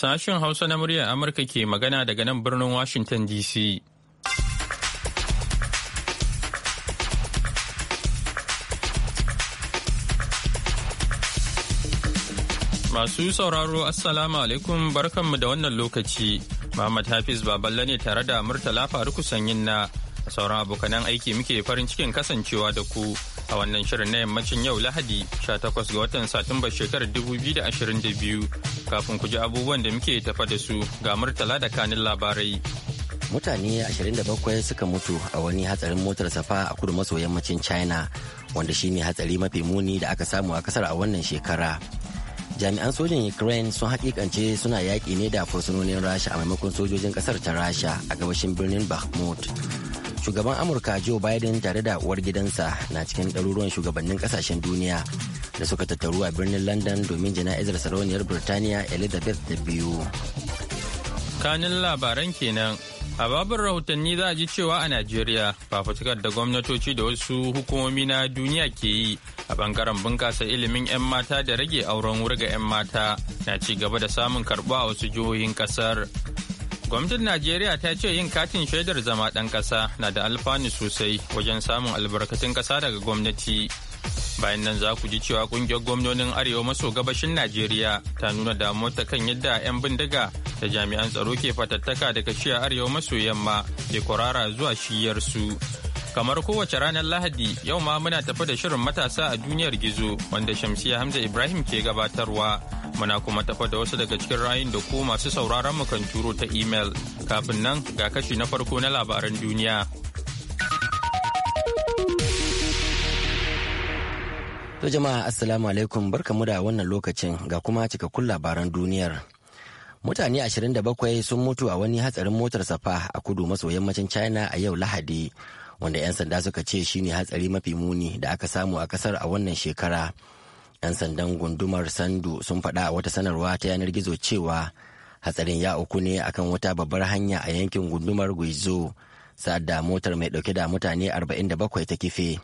Sashen Hausa na muryar Amurka ke magana daga nan birnin Washington DC. Masu sauraro Assalamu alaikum barkanmu da wannan lokaci. Muhammad Hafiz Baballe ne tare da Murtala Faruku Sanyin na sauran abokanan aiki muke farin cikin kasancewa da ku. a wannan shirin na yammacin yau Lahadi 18 ga watan Satumba shekarar 2022 kafin ku ji abubuwan da muke tafa da su ga murtala da kanin labarai. Mutane 27 suka mutu a wani hatsarin motar safa a kudu maso yammacin China wanda shine hatsari mafi muni da aka samu a kasar a wannan shekara. Jami'an sojin Ukraine sun hakikance suna yaƙi ne da fursunonin Rasha a maimakon sojojin kasar ta Rasha a gabashin birnin Bakhmut. shugaban amurka joe biden tare da uwar gidansa na cikin ɗaruruwan shugabannin ƙasashen duniya da suka tattaru a birnin london domin jana'izar sarauniyar birtaniya elizabeth da biyu kanin labaran kenan a babin rahotanni za a ji cewa a najeriya fafutukar da gwamnatoci da wasu hukumomi na duniya ke yi a bangaren bunƙasa ilimin 'yan mata da rage auren wurga 'yan mata na ci gaba da samun karɓuwa a wasu jihohin ƙasar Gwamnatin Najeriya ta ce yin katin shaidar zama ɗan ƙasa na da alfanu sosai wajen samun albarkatun ƙasa daga gwamnati. Bayan nan za ku ji cewa ƙungiyar gwamnonin Arewa maso gabashin Najeriya ta nuna damuwarta kan yadda 'yan bindiga da jami'an tsaro ke fatattaka daga shiyar Arewa maso yamma ke kwarara zuwa shiyar su. Kamar kowace ranar Lahadi yau ma muna tafi da shirin matasa a duniyar gizo wanda Shamsiya Hamza Ibrahim ke gabatarwa. Muna kuma tafi da wasu daga cikin rayun da ku masu sauraron mu kan turo ta email Kafin nan ga kashi na farko na labaran duniya. To jama'a assalamu alaikum barkamu da wannan lokacin ga kuma cikakkun labaran duniyar. mutane 27 sun mutu a wani hatsarin motar safa a kudu maso yammacin china a yau lahadi wanda 'yan sanda suka ce shi ne hatsari mafi muni da aka samu a kasar a wannan shekara 'yan sandan gundumar sandu sun faɗa a wata sanarwa ta yanar gizo cewa hatsarin ya uku ne akan wata babbar hanya a yankin gundumar guizo sa'ad da motar mai ɗauke da mutane 47 ta kife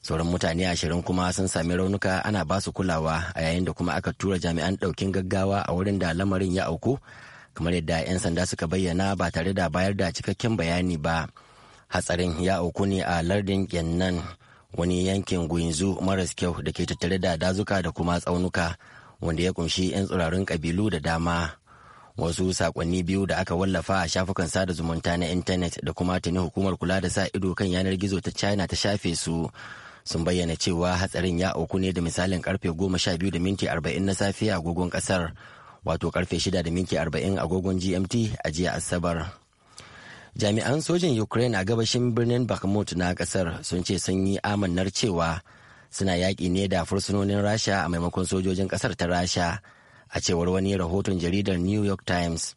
sauran mutane ashirin kuma sun sami raunuka ana ba su kulawa a yayin da kuma aka tura jami'an daukin gaggawa a wurin da lamarin ya auku kamar yadda 'yan sanda suka bayyana ba tare da bayar da cikakken bayani ba. hatsarin ya auku ne a lardin yannan wani yankin guinzu maras kyau da ke tattare da dazuka da kuma tsaunuka wanda ya kunshi 'yan tsirarun kabilu da dama wasu sakonni biyu da aka wallafa a shafukan sada zumunta na intanet da kuma tuni hukumar kula da sa ido kan yanar gizo ta china ta shafe su sun bayyana cewa hatsarin ya auku ne da misalin karfe goma sha biyu da minti arba'in na safiya agogon kasar wato karfe shida da minti arba'in agogon gmt a jiya asabar jami'an sojin ukraine a gabashin birnin bakhmut na kasar sun ce sun yi amannar cewa suna yaƙi ne da fursunonin rasha a maimakon sojojin kasar ta rasha a cewar wani rahoton jaridar new york times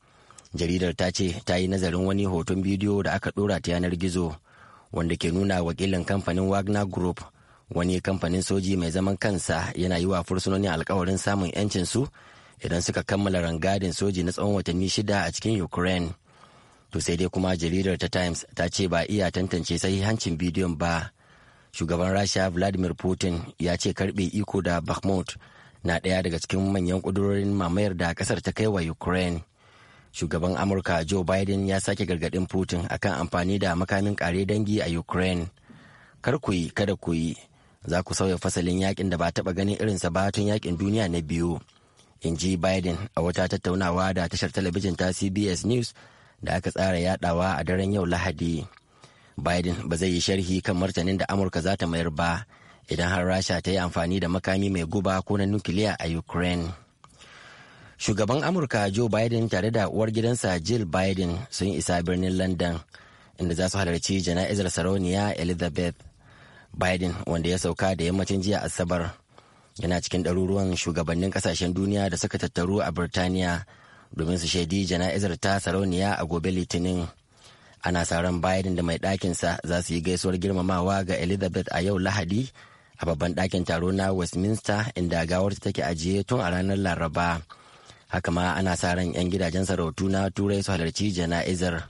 jaridar ta ce ta yi nazarin wani hoton bidiyo da aka dora ta yanar gizo wanda ke nuna wakilin kamfanin wagner group wani kamfanin soji mai zaman kansa yana yi wa fursunonin alkawarin samun 'yancinsu idan suka kammala rangadin soji na tsawon watanni shida a cikin ukraine To sai dai kuma jaridar ta Times ta ce ba iya tantance sahihancin bidiyon ba. Shugaban Rasha Vladimir Putin ya ce karbe iko da Bakhmut na ɗaya daga cikin manyan ƙudurorin mamayar da kasar ta kai wa Ukraine. Shugaban Amurka Joe Biden ya sake gargaɗin Putin akan amfani da makamin kare dangi a Ukraine. Kar ku yi, kada ku yi, za ku sauya fasalin yakin da ba taɓa ganin irinsa ba tun yakin duniya na biyu. In ji Biden a wata tattaunawa da tashar talabijin ta CBS News da aka tsara yadawa a daren yau lahadi biden ba zai yi sharhi kan martanin da amurka za ta mayar ba idan har rasha ta yi amfani da makami mai guba ko na nukiliya a ukraine shugaban amurka joe biden tare da uwar gidansa jill biden sun isa birnin london inda za su halarci jana'izar sarauniya elizabeth biden wanda ya sauka da yammacin jiya asabar yana cikin ɗaruruwan shugabannin ƙasashen duniya da suka tattaru a birtaniya domin su shaidi jana'izar ta sarauniya a gobe litinin ana saran biden da mai ɗakinsa za su yi gaisuwar girmamawa ga elizabeth a yau lahadi a babban ɗakin taro na westminster inda gawarta take ajiye tun a ranar laraba haka ma ana sa ran 'yan gidajen sarautu na turai su halarci jana'izar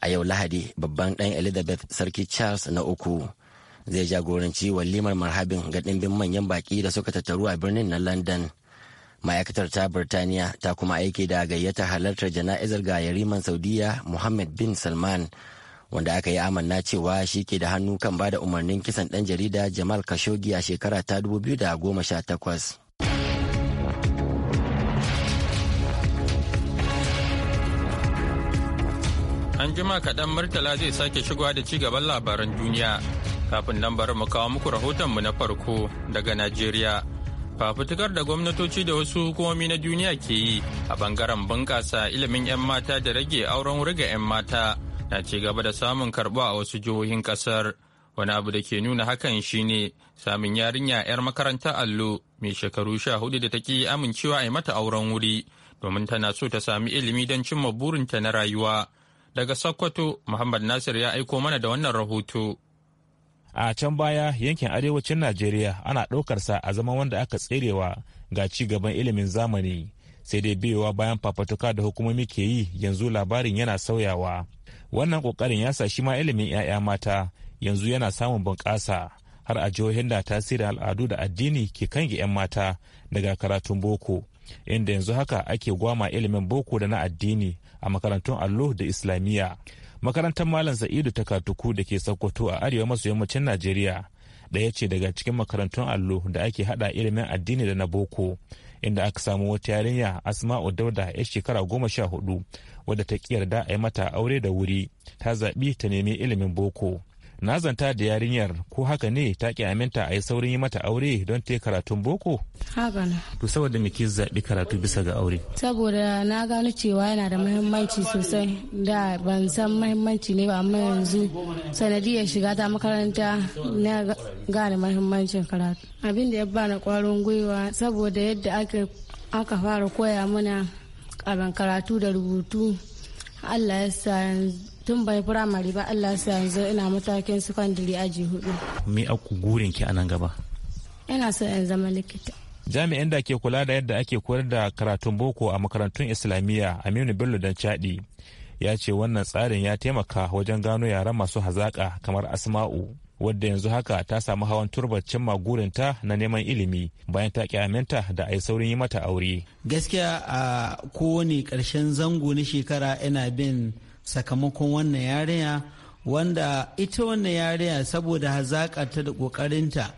a yau lahadi babban ɗan elizabeth sarki charles na uku zai jagoranci walimar marhabin ga ɗimbin manyan baƙi da suka tattaru a birnin na london ma'aikatar ta birtaniya ta kuma aiki da gayyata halartar jana'izar ga yariman saudiya muhammad bin salman wanda aka yi amanna cewa shi ke da hannu kan ba da umarnin kisan ɗan jarida jamal kashogi a shekara ta 2018 an jima kaɗan murtala zai sake shigowa da ci gaban labaran duniya kafin nan bari mu kawo muku rahotonmu na farko daga najeriya fafutukar da gwamnatoci da wasu hukumomi na duniya ke yi a bangaren bunƙasa ilimin 'yan mata da rage auren wuri ga 'yan mata na ci gaba da samun karɓa a wasu jihohin ƙasar wani abu da ke nuna hakan shine samun yarinya 'yar makaranta allo mai shekaru sha hudu da ta ki amincewa a yi mata auren wuri domin tana so ta sami ilimi don cimma burinta na rayuwa daga sokoto muhammad nasir ya aiko mana da wannan rahoto a can baya yankin arewacin najeriya ana ɗaukarsa a zaman wanda aka tserewa ga ci gaban ilimin zamani sai dai biyowa bayan fafatuka da hukumomi ke yi yanzu labarin yana sauyawa wannan kokarin ya sa shi ma ilimin 'ya'ya mata yanzu yana samun bunƙasa har a jihohin da tasirin al'adu da addini ke kange 'yan mata daga karatun boko inda yanzu haka ake gwama ilimin boko da na addini a makarantun allo da islamiyya makarantar malam sa'idu ta katuku da ke sokoto a arewa maso yammacin najeriya ɗaya ce daga cikin makarantun allo da ake hada ilimin addini da na boko inda aka samu wata yarinya asma'u dauda ya shekara goma sha hudu wadda ta yarda a yi mata aure da wuri ta zaɓi ta nemi ilimin boko na zanta da yarinyar ko haka ne ta ki aminta a yi saurin yi mata aure don ta karatun boko haka na to saboda me ke zaɓi karatu bisa ga aure saboda na gano cewa yana da muhimmanci sosai da ban san muhimmanci ne ba amma yanzu sanadiyar shiga ta makaranta na gane muhimmancin karatu abin da ya bani kwarin gwiwa saboda yadda aka fara koya mana abin karatu da rubutu Allah ya sa tun bai firamare ba Allah sa yanzu ina matakin secondary aji hudu me aku gurin ki a nan gaba ina so in zama likita jami'an da ke kula da yadda ake koyar da karatun boko a makarantun islamiyya aminu bello dan chadi ya ce wannan tsarin ya taimaka wajen gano yaran masu hazaƙa kamar asma'u wadda yanzu haka ta samu hawan turbar cimma gurinta na neman ilimi bayan ta kyaminta da a yi saurin yi mata aure gaskiya a kowane karshen zango na shekara ina bin sakamakon wannan yarinya wanda ita wannan yarinya saboda hazaƙarta da ƙoƙarinta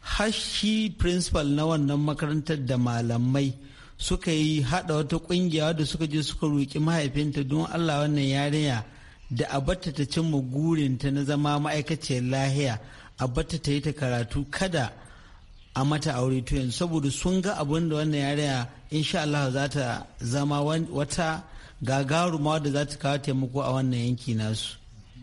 har shi principal na wannan makarantar da malamai suka yi haɗa wata ƙungiya da suka je suka roƙi mahaifinta don allah wannan yarinya da a barta ta cimma gurinta na zama ma'aikaciyar lahiya a ta yi ta karatu kada a mata aure to yanzu saboda sun ga abin da wannan yarinya insha Allah za ta zama wata gagaruma da za ta kawo taimako a wannan yanki nasu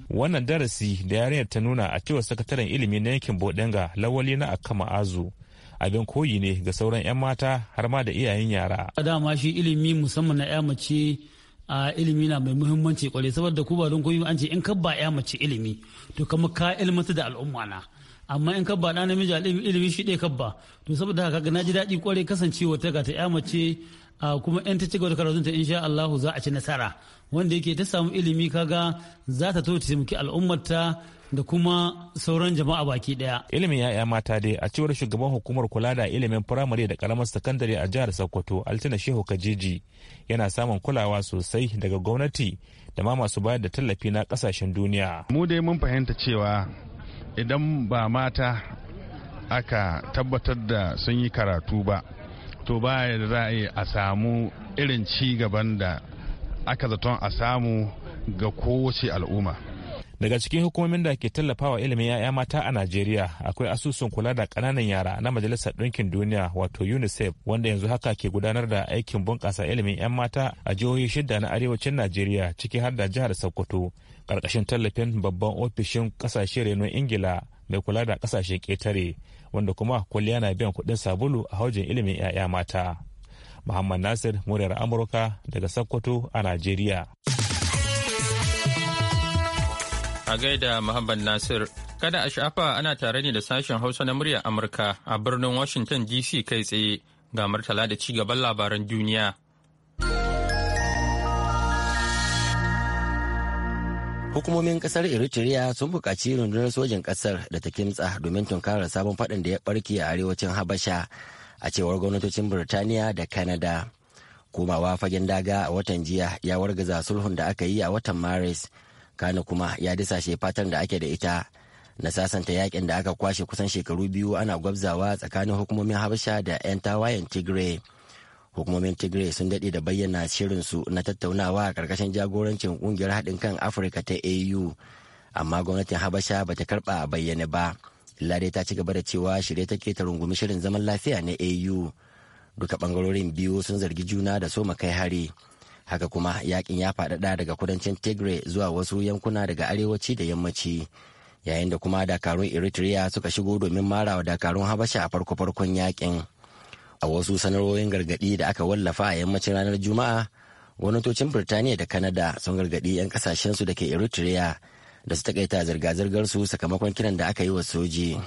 wannan darasi da yarinyar ta nuna a cewar sakataren ilimi na yankin bodenga lawali na akama azu abin koyi ne ga sauran 'yan mata har ma da iyayen yara a dama shi ilimi musamman na 'ya mace a ilimi na mai muhimmanci kwarai saboda ku ba don koyi an ce in ka ba 'ya mace ilimi to kama ka ilmanta da al'umma na amma in kabba ɗa namiji a ilimi shi ɗaya kabba to saboda haka na ji daɗi kwarai kasancewa ta ga ta ya mace kuma yan ta cigaba da karatunta insha Allah za a ci nasara wanda yake ta samu ilimi kaga za ta to ta taimaki al'ummarta da kuma sauran jama'a baki daya. Ilimin ya'ya mata dai a cewar shugaban hukumar kula da ilimin firamare da karamar sakandare a jihar Sokoto Altina Shehu Kajiji yana samun kulawa sosai daga gwamnati da ma masu bayar da tallafi na kasashen duniya. Mu dai mun fahimta cewa idan ba mata aka tabbatar da sun yi karatu ba to ba da za a samu irin ci gaban da aka zaton a samu ga kowace al'umma daga cikin hukumomin da ke tallafawa ilimin 'ya'ya mata a najeriya akwai asusun kula da kananan yara na majalisar ɗinkin duniya wato unicef wanda yanzu haka ke gudanar da aikin bunƙasa ilimin 'yan mata a jihohi shida na arewacin najeriya ciki har da jihar sokoto karkashin tallafin babban ofishin kasashe renon ingila mai kula da ƙasashen ketare wanda kuma kwalliya na biyan kuɗin sabulu a haujin ilimin 'ya'ya mata muhammad nasir muryar amurka daga sokoto a najeriya a gaida muhammad nasir kada a shafa ana tare ne da sashen hausa na muryar amurka a birnin washington dc kai tsaye ga martala da ci gaban labaran duniya Hukumomin kasar Eritrea sun buƙaci rundunar sojin ƙasar da ta kimtsa domin tunkarar sabon faɗin da ya ɓarke a arewacin Habasha a cewar gwamnatocin Birtaniya da Canada. Komawa fagen daga a watan jiya ya wargaza sulhun da aka yi a watan Maris, Kano kuma ya disashe fatan da ake da ita na sasanta yakin da aka kwashe kusan shekaru biyu ana gwabzawa tsakanin hukumomin Habasha da 'yan tawayen Tigray. hukumomin tigray sun daɗe da bayyana shirinsu na tattaunawa a ƙarƙashin jagorancin ƙungiyar haɗin kan afirka ta au amma gwamnatin habasha ba ta karɓa bayyane ba lare ta ci gaba da cewa shirye take ta rungumi shirin zaman lafiya na au duka ɓangarorin biyu sun zargi juna da soma kai hari haka kuma yakin ya faɗaɗa daga kudancin tigray zuwa wasu yankuna daga arewaci da yammaci yayin da kuma dakarun eritrea suka shigo domin marawa dakarun habasha a farko-farkon yakin a wasu sanarwoyin gargaɗi da aka wallafa a yammacin ranar juma'a gwamnatocin birtaniya da kanada sun gargaɗi 'yan kasashensu da ke eritrea da su takaita zirga-zirgar su sakamakon kiran da aka yi wa soji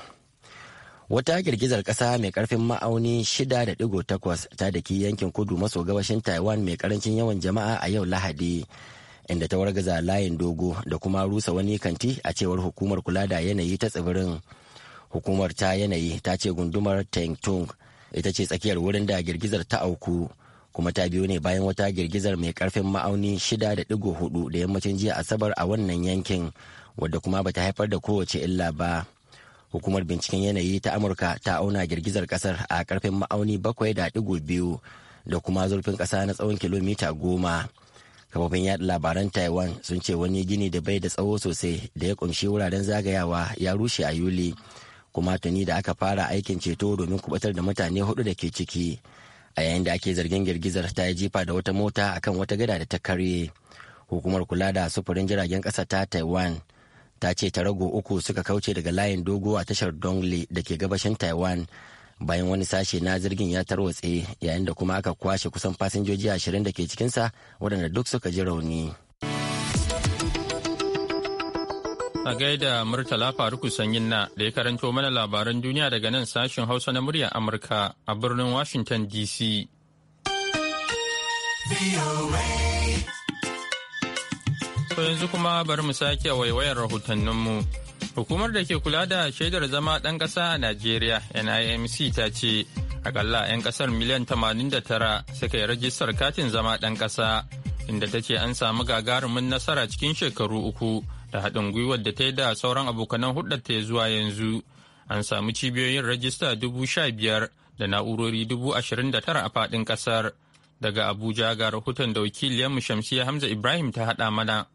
wata girgizar ƙasa mai ƙarfin ma'auni 6.8 ta daki yankin kudu maso gabashin taiwan mai ƙarancin yawan jama'a a yau lahadi inda ta wargaza layin dogo da kuma rusa wani kanti a cewar hukumar kula da yanayi ta tsibirin hukumar ta yanayi ta ce gundumar tengtung ita ce tsakiyar wurin da girgizar ta auku kuma ta biyo ne bayan wata girgizar mai karfin ma'auni 6.4 da yammacin jiya asabar a wannan yankin wadda kuma bata haifar da kowace illa ba hukumar binciken yanayi ta amurka ta auna girgizar kasar a karfin ma'auni 7.2 da kuma zurfin kasa na tsawon kilomita goma kafofin yada labaran taiwan sun ce wani gini da bai da tsawo sosai da ya kumshi wuraren zagayawa ya rushe a yuli kuma tuni da aka fara aikin ceto domin kubatar da mutane hudu da ke ciki a yayin da ake zargin girgizar ta yi jifa da wata mota akan wata gada da ta karye hukumar kula da sufurin jiragen kasa ta taiwan ta ce ta rago uku suka kauce daga layin dogo a tashar dongle da ke gabashin taiwan bayan wani sashe na zirgin ya tarwatse yayin da kuma aka kwashe kusan fasinjoji ashirin da ke cikinsa waɗanda duk suka ji rauni. A gaida Murtala Faruku Sanyin na da ya karanto mana labaran duniya daga nan sashen Hausa na murya Amurka a birnin Washington DC. To yanzu kuma bari mu sake waiwayar rahotanninmu. Hukumar da ke kula da shaidar zama ɗan ƙasa a Najeriya NIMC ta ce akalla 'yan ƙasar miliyan 89 suka yi rajistar katin zama ɗan ƙasa inda ta ce an samu gagarumin nasara cikin shekaru uku. da haɗin gwiwar da ta yi da sauran abokanan hudu ta zuwa yanzu an samu cibiyoyin rajista dubu sha biyar da na'urori dubu ashirin da tara a faɗin ƙasar daga abuja ga rahoton da wakiliyarmu shamsiya hamza ibrahim ta haɗa mana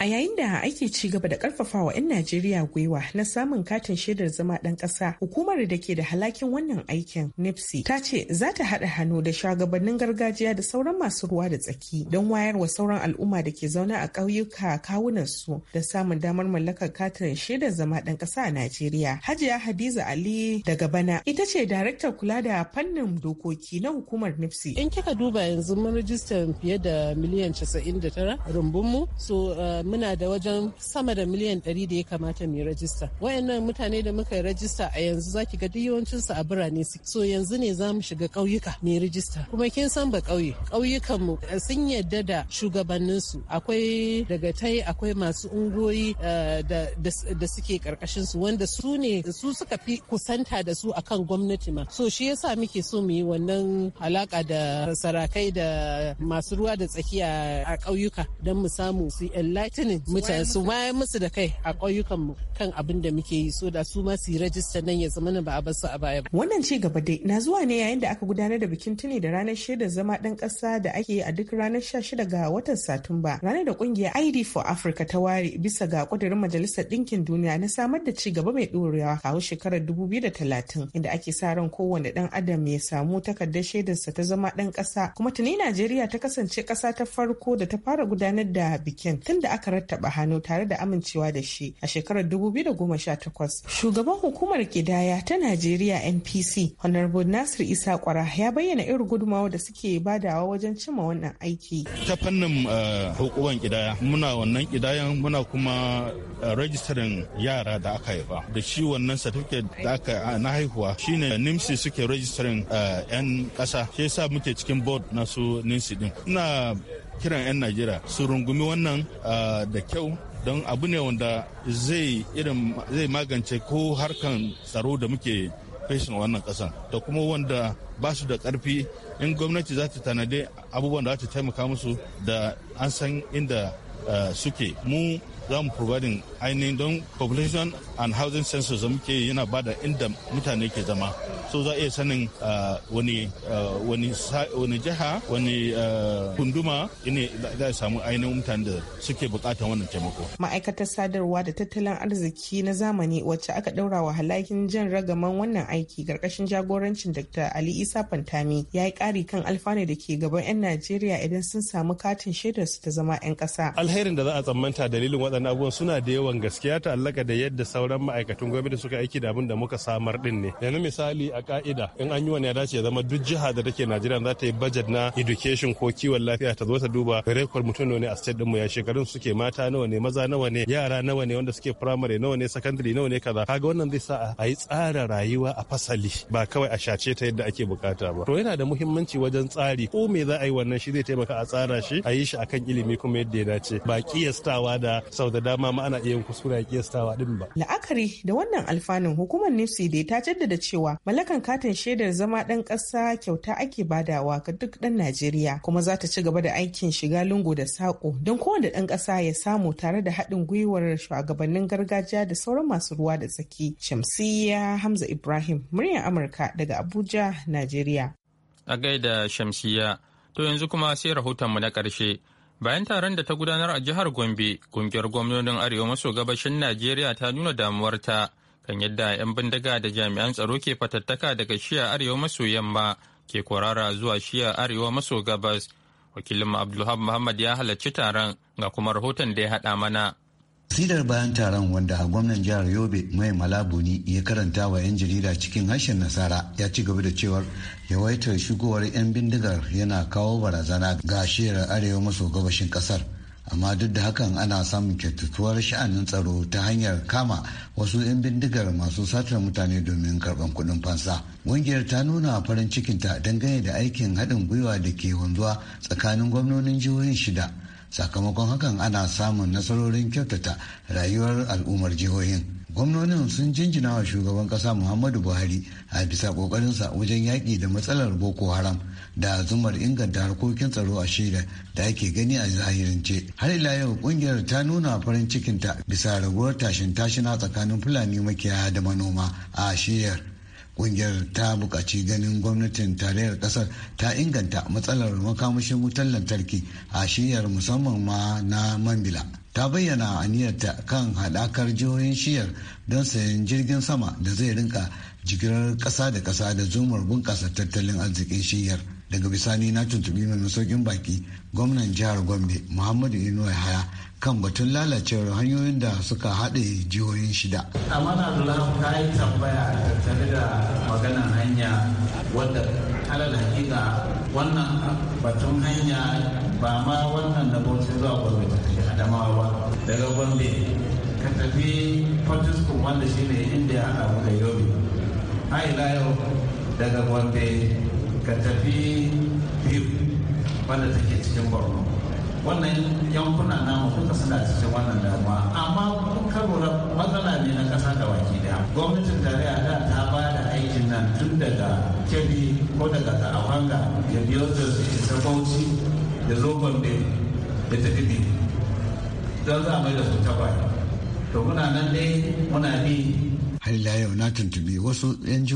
A yayin da ake ci gaba da karfafawa 'yan Najeriya gwiwa na samun katin shaidar zama ɗan ƙasa, hukumar da ke da halakin wannan aikin NIPSI ta ce za ta haɗa hannu da shugabannin gargajiya da sauran masu ruwa da tsaki don wayarwa sauran al'umma da ke zauna a ƙauyuka kawunansu da samun damar mallakar katin shaidar zama ɗan ƙasa a Najeriya. Hajiya Hadiza Ali daga Bana ita ce daraktar kula da fannin dokoki na hukumar NIPSI. In kika duba yanzu mun rijista fiye da miliyan casa'in da tara, rumbunmu so uh, muna da wajen sama da miliyan 100 da ya kamata mu rajista wayannan mutane da muka yi rajista a yanzu zaki ga duk yawancin su a birane su so yanzu ne za mu shiga ƙauyuka mu rajista kuma kin san ba ƙauye ƙauyukan mu eh, sun yadda da shugabannin su akwai daga tai akwai masu ungoyi eh, da suke karkashin su wanda su ne su suka fi kusanta da su akan gwamnati ma so shi yasa muke so mu yi wannan alaka da sarakai da masu ruwa da tsakiya a ƙauyuka don mu samu su frightening mutane su wayan musu da kai a ƙauyukan mu kan abin da muke yi so da su ma su yi rajista nan ya zama ba a basu a baya ba. Wannan ci gaba dai na zuwa ne yayin da aka gudanar da bikin tuni da ranar shaidar zama ɗan ƙasa da ake yi a duk ranar 16 ga watan Satumba ranar da ƙungiyar ID for Africa ta ware bisa ga ƙudurin Majalisar Ɗinkin Duniya na samar da ci gaba mai ɗorewa kawo shekarar 2030 inda ake sa ran kowane ɗan adam ya samu takardar shaidarsa ta zama ɗan ƙasa kuma tuni Najeriya ta kasance ƙasa ta farko da ta fara gudanar da bikin tun da aka rattaba hannu tare da amincewa da shi a shekarar 2018 shugaban hukumar kidaya ta najeriya npc honorable nasir isa kwara ya bayyana irin gudumawa da suke badawa wajen cimma wannan aiki ta fannin eh, hukumar kidaya muna wannan kidayan muna kuma eh, rajistarin yara da aka haifa da shi wannan certificate da aka na haihuwa shine nimsi suke rajistarin eh, yan ƙasa shi yasa muke cikin board na su nimsi din ina kiran 'yan najeriya su rungumi wannan da kyau don abu ne wanda zai magance ko harkan tsaro da muke feshin wannan ƙasa da kuma wanda ba su da karfi in gwamnati za ta tanade abubuwan da za ta taimaka musu da an san inda suke mu za mu providing ainihin don population and housing census da muke yana da inda mutane ke zama so za a iya sanin uh, wani uh, wani jiha wani uh, kunduma ne za a samu ainihin mutane da suke bukatar wannan taimako ma'aikatar sadarwa da tattalin arziki na zamani wacce aka ɗaura wa halakin jan ragaman wannan aiki karkashin jagorancin dr ali isa fantami ya yi kari kan alfanu da ke gaban 'yan najeriya idan sun samu katin shaidar su ta zama 'yan ƙasa. alherin da za a tsammanta dalilin waɗannan wadannan abubuwan suna da yawan gaskiya ta'allaka da yadda sauran ma'aikatan gwamnati suka aiki da abin da muka samar din ne yanzu misali a ka'ida in an yi wani ya dace ya zama duk jiha da take najeriya za ta yi budget na education ko kiwon lafiya ta zo ta duba rekod mutum ne a state mu. ya shekarun suke mata nawa ne maza nawa ne yara nawa ne wanda suke primary nawa ne secondary nawa ne kaza kaga wannan zai sa a yi tsara rayuwa a fasali ba kawai a shace ta yadda ake bukata ba to yana da muhimmanci wajen tsari ko me za a yi wannan shi zai taimaka a tsara shi a yi shi akan ilimi kuma yadda ya dace ba kiyastawa da sau da dama ma ana iya yin kuskure a kiyastawa din ba. La'akari da wannan alfanun hukumar new dai ta jaddada cewa malakan katin shaidar zama ɗan ƙasa kyauta ake badawa ga duk ɗan Najeriya kuma za ta ci gaba da aikin shiga lungu da saƙo don kowane ɗan ƙasa ya samu tare da haɗin gwiwar shugabannin gargajiya da sauran masu ruwa da tsaki. Shamsiyya Hamza Ibrahim, muryar Amurka daga Abuja, Najeriya. A gaida Shamsiyya, to yanzu kuma sai rahotonmu na karshe. Bayan taron da ta gudanar a jihar Gombe, kungiyar gwamnonin Arewa maso gabashin Najeriya ta nuna damuwarta kan yadda 'yan bindiga da jami'an tsaro ke fatattaka daga shiya Arewa maso yamma ke kwarara zuwa shiya Arewa maso gabas. Wakilin Abdulhab Muhammad ya halarci taron ga kuma rahoton da ya haɗa mana. Sidar bayan taron wanda gwamnan jihar Yobe mai malabuni ya karanta wa 'yan jarida cikin harshen nasara ya ci gaba da cewar yawaitar shigowar 'yan bindigar yana kawo barazana ga shirar arewa maso gabashin kasar. amma duk da hakan ana samun kyautatuwar sha'anin tsaro ta hanyar kama wasu 'yan bindigar masu satar mutane domin karban kuɗin fansa ƙungiyar ta nuna farin cikinta dangane da aikin haɗin gwiwa da ke wanzuwa tsakanin gwamnonin jihohin shida sakamakon hakan ana samun nasarorin kyautata rayuwar al'ummar jihohin gwamnonin sun jinjina wa shugaban kasa muhammadu buhari a bisa kokarinsa wajen yaƙi da matsalar boko haram da zumar inganta harkokin tsaro a shida da ake gani a zahirance har ila yau kungiyar ta nuna farin cikinta bisa raguwar tashin tashina tsakanin fulani makiyaya da manoma a shiyar kungiyar ta buƙaci ganin gwamnatin tarayyar ƙasar ta inganta matsalar makamashin wutar lantarki a shiyar musamman ma na mambila ta bayyana aniyarta kan haɗakar jihohin shiyar don sayan jirgin sama da zai rinka jigilar ƙasa da ƙasa da zumar bunƙasa tattalin arzikin shiyar. daga bisani na tuntubi mai masaukin baki gwamnan jihar gombe muhammadu inuwa haya kan batun lalacewar hanyoyin da suka haɗe jihohin shida. amana abdullahi ka yi tambaya tattare da maganar hanya wadda alal hakika wannan batun hanya ba ma wannan da bauta zuwa gombe ta tafi adamawa ba daga gombe ka tafi fortiskun wanda shine inda a yobe ha ila yau daga gombe ka tafi biyu wanda take cikin borno wannan yankuna namu duka suna cikin wannan damuwa amma kun karura matsala ne na kasa da waki da gwamnatin tarayya da ta ba da aikin nan tun daga kebbi ko daga karawanga ya biyo da su isa bauchi ya zo gombe ya tafi don za a mai da su ta to muna nan dai muna bi har ila yau na tuntubi wasu yan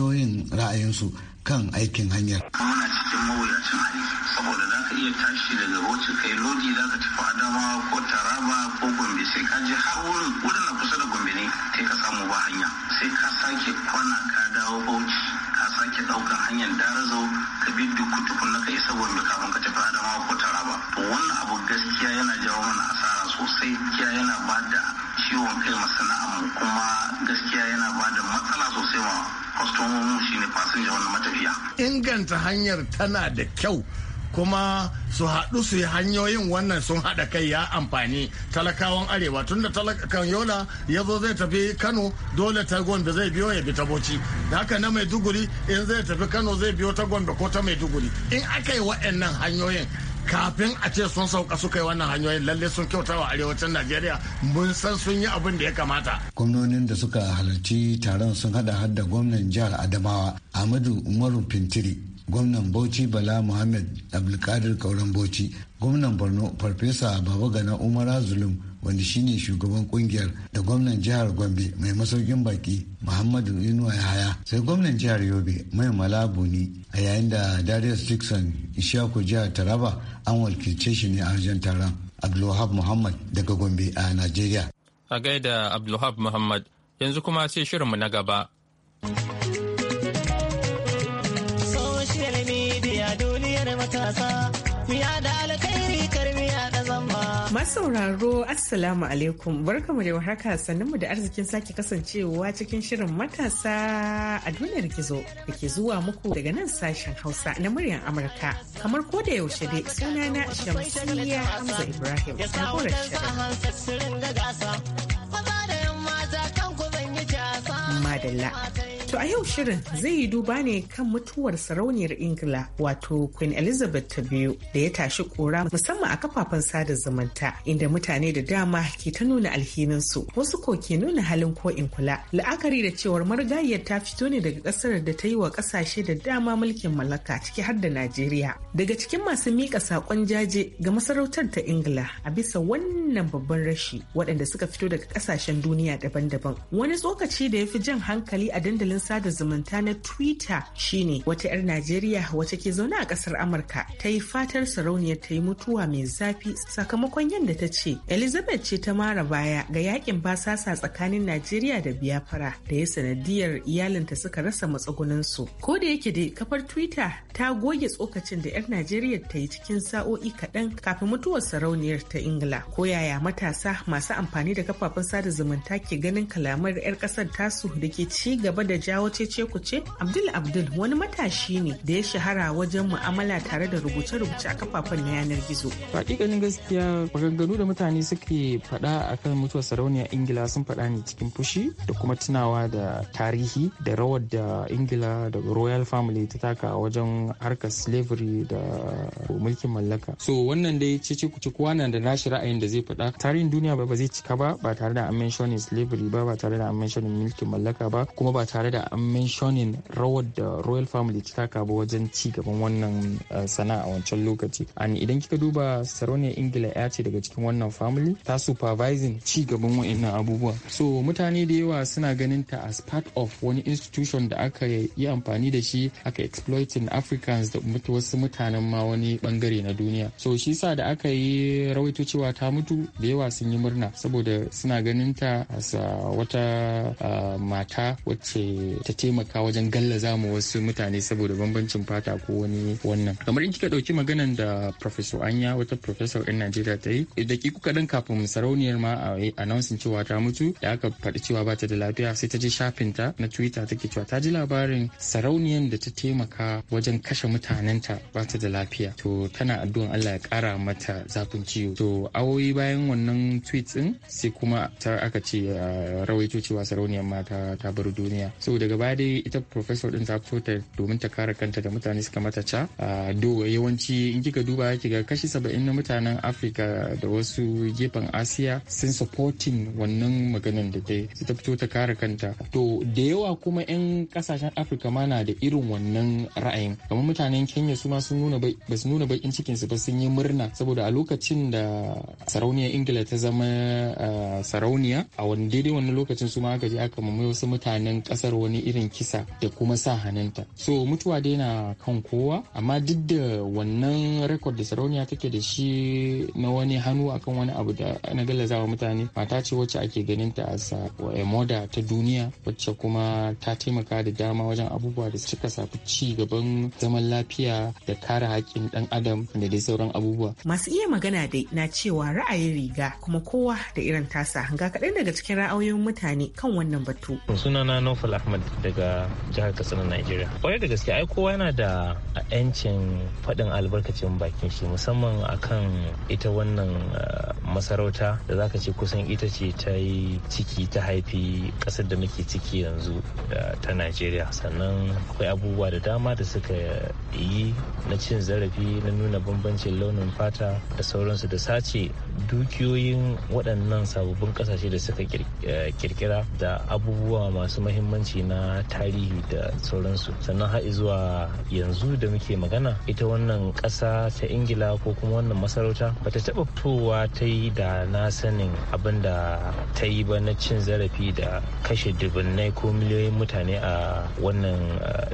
ra'ayinsu kan aikin hanyar. Muna cikin mawuyacin hali saboda za ka iya tashi daga Bauchi kai lodi za ka tafi Adamawa ko Taraba ko Gombe sai ka je har wurin wurin na kusa da Gombe ne sai ka samu ba hanya sai ka sake kwana ka dawo Bauchi ka sake ɗaukar hanyar Darazau ka bi duk tukun na ka isa Gombe kafin ka tafi Adamawa ko Taraba. To wannan abu gaskiya yana jawo mana asara sosai gaskiya yana ba da ciwon kai masana'antu kuma gaskiya kwastomomin shi ne fasinja wani matafiya. Inganta hanyar tana da kyau kuma su haɗu su yi hanyoyin wannan sun haɗa kai ya amfani talakawan arewa tunda talakan yola ya zo zai tafi kano dole ta gombe zai biyo ya bi ta boci Da haka na mai duguri, in zai tafi kano zai biyo ta gombe ko ta mai duguri? in aka yi waɗannan hanyoyin kafin a ce sun sauka suka yi wannan hanyoyin lalle sun kyauta wa arewacin najeriya mun san sun yi abin da ya kamata gwamnonin da suka halarci taron sun hada har da gwamnan jihar adamawa amadu umaru fintiri gwamnan bauchi bala muhammad abdulkadir kauran bauchi gwamnan borno farfesa baba gana umara zulum wanda shine shugaban kungiyar da gwamnan jihar gombe mai masaukin baki muhammadu inuwa yahaya sai gwamnan jihar yobe mai malabuni a yayin da darius dixon ishaku jihar taraba an walkice shi ne a wajen taron abdulwahab muhammad daga gombe a nigeria a gaida abdulwahab muhammad yanzu kuma sai shirinmu na gaba Social media matasa, da Masu sauraro Assalamu alaikum barkamu da warhaka sannunmu da arzikin sake kasancewa cikin shirin matasa a duniyar gizo da ke zuwa muku daga nan sashen Hausa na muryar Amurka. Kamar ko da yaushe dai suna sunana shamsiya Hamza Ibrahim na horar shirin. Madalla. To a yau shirin zai yi duba ne kan mutuwar sarauniyar Ingila wato Queen Elizabeth ta biyu da ya tashi kura musamman a kafafen sada zumunta inda mutane da dama ke ta nuna alhininsu wasu ko ke nuna halin ko in kula la'akari da cewar marigayiyar ta fito ne daga kasar da ta yi wa kasashe da dama mulkin mallaka ciki har da Najeriya. Daga cikin masu mika sakon jaje ga masarautar ta Ingila a bisa wannan babban rashi waɗanda suka fito daga kasashen duniya daban-daban. Wani tsokaci da ya fi jan hankali a dandalin sada zumunta na Twitter shine wata 'yar Najeriya wata ke zaune a kasar Amurka ta yi fatar sarauniyar ta yi mutuwa mai zafi sakamakon yadda ta ce Elizabeth ce ta mara baya ga yakin basasa tsakanin Najeriya da biyafara da ya sanadiyar iyalinta suka rasa matsugunansu. Ko da yake dai kafar Twitter ta goge tsokacin da 'yar Najeriya ta yi cikin sa'o'i kaɗan kafin mutuwar sarauniyar ta Ingila. Ko yaya matasa masu amfani da kafafen sada zumunta ke ganin kalamar 'yar ƙasar tasu da ke ci gaba da jawo cece ce abdul abdul wani matashi ne da ya shahara wajen mu'amala tare da rubuce-rubuce a kafafen na yanar gizo hakikanin gaskiya maganganu da mutane suke faɗa akan mutuwar sarauniya ingila sun faɗa ne cikin fushi da kuma tunawa da tarihi da rawar da ingila da royal family ta taka wajen harkar slavery da mulkin mallaka so wannan dai ce kuce kowa na da nashi ra'ayin da zai faɗa tarihin duniya ba zai cika ba ba tare da an slavery ba ba tare da an mulkin mallaka ba kuma ba tare da mentioning rawar da royal family ta taka ba wajen ci gaban wannan eh, sana'a wancan lokaci an idan kika duba sarauniyar ingila ya ce daga cikin wannan family ta supervising ci gaban wa'annan abubuwa so mutane da yawa suna ganin ta as part of wani institution da aka yi amfani da shi aka exploiting africans da wasu mutanen ma wani bangare na duniya so shi sa da aka yi rawaito cewa ta mutu da yawa sun yi murna saboda suna ganin ta as eh, wata eh, mata wacce ta taimaka wajen gallaza mu wasu mutane saboda bambancin fata ko wani wannan kamar in kika dauki maganan da professor anya wata professor in najeriya ta yi da ki kuka dan kafin sarauniyar ma a announcing cewa ta mutu da aka faɗi cewa ba ta da lafiya sai ta je shafin ta na twitter take cewa ta ji labarin sarauniyar da ta taimaka wajen kashe mutanen ta ba ta da lafiya to tana addu'an Allah ya kara mata zafin ciwo to awoyi bayan wannan tweet din sai kuma ta aka ce rawaito cewa sarauniyar ma ta bar duniya so so daga baya dai ita professor din ta fito ta domin ta kare kanta da mutane suka mata ca a do yawanci in kika duba ga kashi saba'in na mutanen afirka da wasu gefen asiya sun supporting wannan maganan da ta ta fito ta kare kanta to da yawa kuma 'yan kasashen afirka ma na da irin wannan ra'ayin kamar mutanen kenya su ma sun nuna ba su nuna bakin cikin su ba sun yi murna saboda a lokacin da sarauniya ingila ta zama sarauniya a wani daidai wannan lokacin su ma aka je aka mamaye wasu mutanen kasar wani irin kisa da kuma sa hannunta so mutuwa dai na kan kowa amma duk da wannan rekod da sarauniya take da shi na wani hannu akan wani abu da na gallazawa mutane mata ce wacce ake ganin ta a moda ta duniya wacce kuma ta taimaka da dama wajen abubuwa da suka safi ci gaban zaman lafiya da kare haƙƙin ɗan adam da dai sauran abubuwa masu iya magana dai na cewa ra'ayin riga kuma kowa da irin tasa ga kaɗan daga cikin ra'ayoyin mutane kan wannan batu sunana nofal ahmad Ahmad daga jihar Katsina Najeriya. Kwarai da gaske ai kowa yana da yancin faɗin albarkacin bakin shi musamman akan ita wannan uh, masarauta da zaka ce kusan ita ce ta yi ciki ta haifi ƙasar da muke ciki yanzu uh, ta Najeriya. Sannan akwai abubuwa da dama da suka yi na cin zarafi na nuna bambancin launin fata da sauransu da sace dukiyoyin waɗannan sababbin ƙasashe da suka kirkira uh, da abubuwa masu mahimmanci na tarihi da sauransu sannan har zuwa yanzu da muke magana ita wannan ƙasa ta ingila ko kuma wannan masarauta bata taɓa fitowa ta yi da na sanin abin da ta yi ba na cin zarafi da kashe dubunnai ko miliyoyin mutane a wannan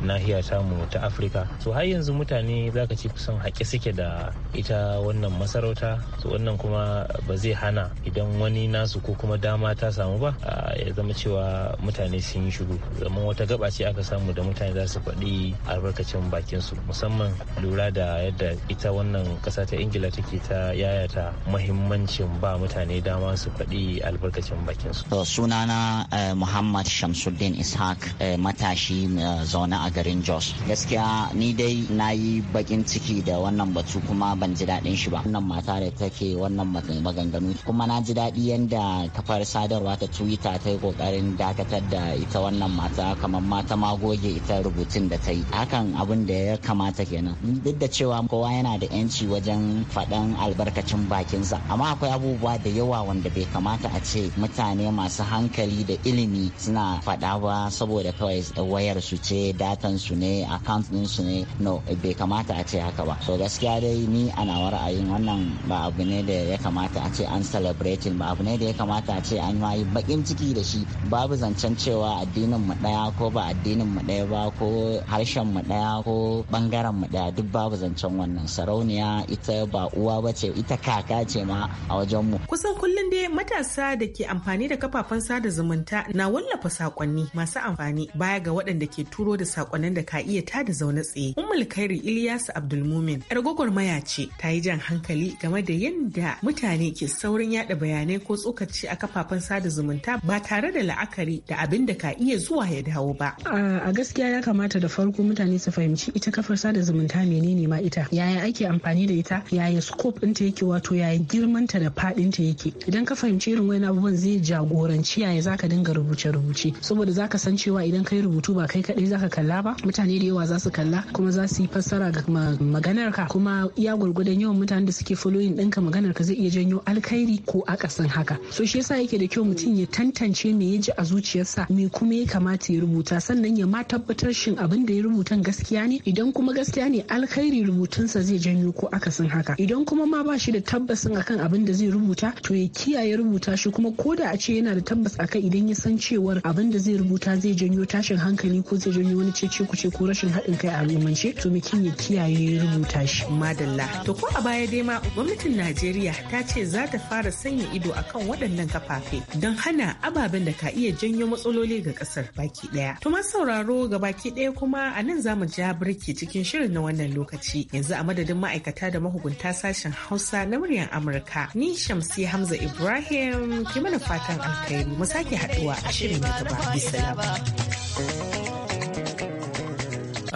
nahiya tamu ta afirka so har yanzu mutane ka ce kusan haƙe suke da ita wannan masarauta so wannan kuma ba zai hana idan wani nasu ko kuma dama ta samu ba ya zama cewa mutane sun yi shiru. zaman wata gaba ce aka samu da mutane za su faɗi albarkacin bakin su musamman lura da yadda ita wannan ƙasa ta ingila take ta yayata mahimmancin ba mutane dama su faɗi albarkacin bakin su. sunana eh, muhammad shamsuddin ishaq eh, matashi eh, zaune a garin jos gaskiya ni dai na yi bakin ciki da wannan batu kuma ban ji daɗin shi ba wannan mata da take wannan maganganu kuma na ji daɗi yadda kafar sadarwa ta twitter ta yi ƙoƙarin dakatar da ita wannan mata mata kamar mata magoge ita rubutun da ta yi hakan abin da ya kamata kenan duk da cewa kowa yana da yanci wajen faɗan albarkacin bakinsa amma akwai abubuwa da yawa wanda bai kamata a ce mutane masu hankali da ilimi suna faɗa ba saboda kawai wayar su ce datan su ne account din su ne no bai kamata a ce haka ba so gaskiya dai ni a ra'ayin wannan ba abu ne da ya kamata a ce an celebrating ba abu ne da ya kamata a ce an yi bakin ciki da shi babu zancen cewa addinin mu ɗaya ko ba addinin mu ɗaya ba ko harshen mu ɗaya ko bangaren mu ɗaya duk babu zancen wannan sarauniya ita ba uwa ba ce ita kaka ce ma a wajen mu. Kusan kullum dai matasa da ke amfani da kafafen sada zumunta na wallafa sakonni masu amfani baya ga waɗanda ke turo da sakonnin da ka iya ta da zaune tsaye. Ummul khairi Ilyas Abdulmumin yar maya ce ta yi jan hankali game da yadda mutane ke saurin yada bayanai ko tsokaci a kafafen sada zumunta ba tare da la'akari da abin da ka iya zuwa ya dawo ba. A gaskiya ya kamata da farko mutane su fahimci ita kafar sada zumunta menene ma ita yaya ake amfani da ita yaya scope ɗinta yake wato yaya girmanta da faɗinta yake idan ka fahimci irin wani abubuwan zai jagoranci yaya zaka dinga rubuce-rubuce saboda zaka san cewa idan kai rubutu ba kai kaɗai zaka kalla ba mutane da yawa za su kalla kuma za su yi fassara ga maganar ka kuma ya gwargwadon yawan mutanen da suke following ɗinka maganar ka zai iya janyo alkhairi ko akasin haka so shi yasa yake da kyau mutum ya tantance me ya ji a zuciyarsa me kuma ya kamata kamata ya rubuta sannan ya ma tabbatar shin abin da ya rubuta gaskiya ne idan kuma gaskiya ne alkhairi rubutunsa zai janyo ko akasin haka idan kuma ma ba shi da tabbasin akan abin da zai rubuta to ya kiyaye rubuta shi kuma ko da a ce yana da tabbas akan idan ya san cewar abin da zai rubuta zai janyo tashin hankali ko zai janyo wani cece ce ko rashin haɗin kai a al'ummance to kin ya kiyaye rubuta shi madalla to ko a baya dai ma gwamnatin najeriya ta ce za ta fara sanya ido akan waɗannan kafafe don hana ababen da ka iya janyo matsaloli ga kasar. baki daya. Tuma sauraro ga baki daya kuma a nan za mu ja birki cikin shirin na wannan lokaci. Yanzu a madadin ma'aikata da mahukunta sashen Hausa na muryar Amurka. Ni Shamsi Hamza Ibrahim ke mana fatan alkhairi mu sake haduwa a shirin na gaba.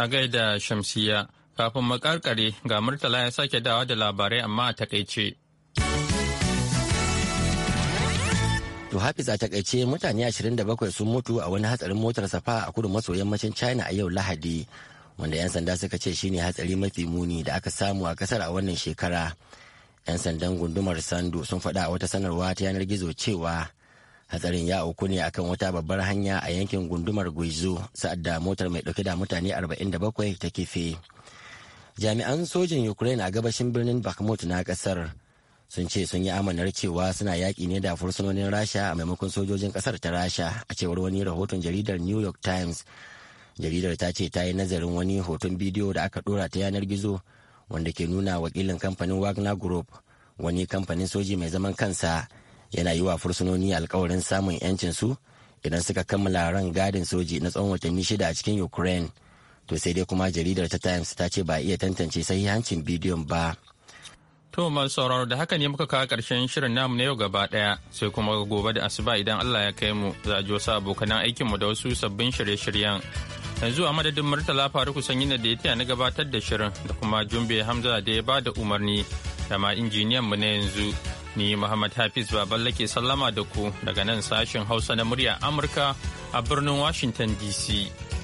A gaida Shamsiya kafin makarkare ga Murtala ya sake dawa da labarai amma a takaice. To Hafiz a takaice mutane 27 sun mutu a wani hatsarin motar safa a kudu maso yammacin China a yau Lahadi wanda 'yan sanda suka ce shine hatsari mafi muni da aka samu a kasar a wannan shekara. 'Yan sandan gundumar Sando sun faɗa a wata sanarwa ta yanar gizo cewa hatsarin ya auku ne akan wata babbar hanya a yankin gundumar Guizu sa'ad da motar mai ɗauke da mutane 47 ta kife. Jami'an sojin Ukraine a gabashin birnin Bakhmut na ƙasar. sun ce sun yi amanar cewa suna yaƙi ne da fursunonin rasha a maimakon sojojin ƙasar ta rasha a cewar wani rahoton jaridar new york times jaridar ta ce ta yi nazarin wani hoton bidiyo da aka ɗora ta yanar gizo wanda ke nuna wakilin kamfanin wagner group wani kamfanin soji mai zaman kansa yana yi wa fursunoni alkawarin samun 'yancin su idan suka kammala ran gadin soji na tsawon watanni shida a cikin ukraine to sai dai kuma jaridar ta times ta ce ba iya tantance sahihancin bidiyon ba To sauraro da haka ne muka kawo ƙarshen shirin namu na yau gaba ɗaya sai kuma gobe da asuba idan Allah ya kai mu za a sa wasu abokanan mu da wasu sabbin shirye-shiryen. Yanzu a madadin Murtala Faruku Sanyi na da ya taya na gabatar da shirin da kuma Jumbe Hamza da ya ba da umarni da ma injiniyan mu na yanzu. Ni Muhammad Hafiz Baballe ke sallama da ku daga nan sashen Hausa na murya Amurka a birnin Washington DC.